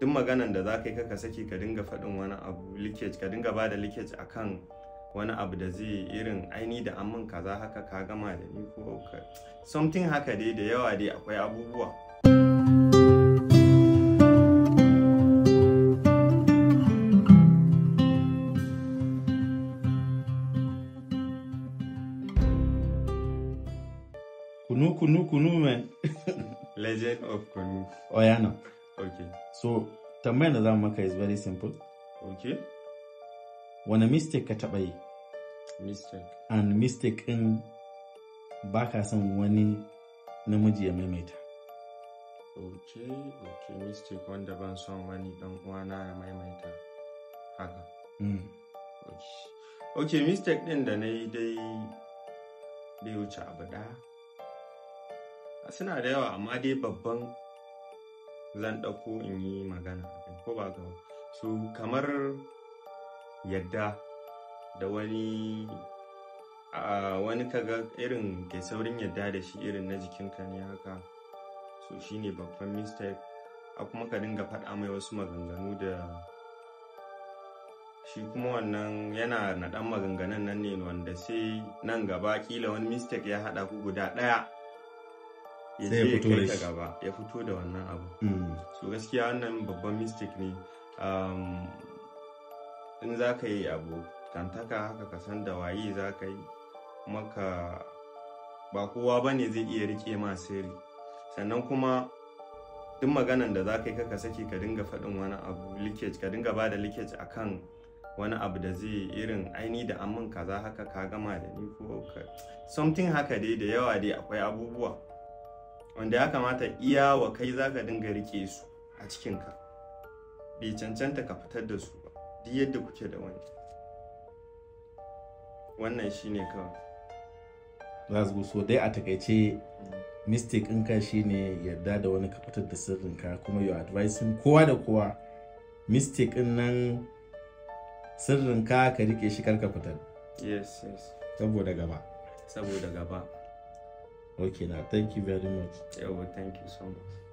duk maganan da za ka yi kaka saki ka dinga faɗin wani abu leakage ka dinga ba da leakage kan wani abu da zai irin aini da amman kaza haka ka gama da ni ko something haka dai da yawa dai akwai abubuwa kunu kunu kunu man legend of kunu oyana oh, yeah, no. Okay. So, tambayar da za mu maka is very simple. Okay. Wane mistake ka taɓa yi? Mistake. And mistake ɗin ba ka son wani namiji ya maimaita. Okay, okay, mistake wanda ban son wani ɗan uwana ya maimaita. Haka. Mm. Okay. okay, mistake ɗin da na yi dai bai wuce abu ɗaya. Suna da yawa, amma dai babban zan ɗauko in yi magana ko ba ga su kamar yadda da wani a wani kaga irin kai saurin yadda da shi irin na jikinka ne haka so ne babban mistake a kuma ka dinga faɗa mai wasu maganganu da shi kuma wannan yana naɗan maganganun nan ne wanda sai nan gaba kila wani mistake ya haɗa ku guda ɗaya ya fito da gaba ya fito da wannan abu so mm. gaskiya wannan babban mistake ne in za ka yi abu kantaka haka ka da waye za ka yi maka ba kowa ba ne zai iya rike ma sirri sannan kuma duk maganan da za ka yi ka sake ka dinga faɗin wani abu leakage ka dinga ba da leakage akan wani abu da zai irin aini da amin kaza haka ka gama da ni ko something haka dai da yawa dai akwai abubuwa wanda ya kamata iya wa kai za ka dinga rike su a cikinka bai cancanta ka fitar da su ba duk yadda kuke da wani wannan shine kawai that's good so dai a takaice ka shi shine yarda da wani ka fitar da sirrinka kuma yau advising kowa da kowa mystic in nan sirrinka ka rike shi karka fitar yes yes saboda gaba saboda gaba Okay, now thank you very much. Yeah, well, thank you so much.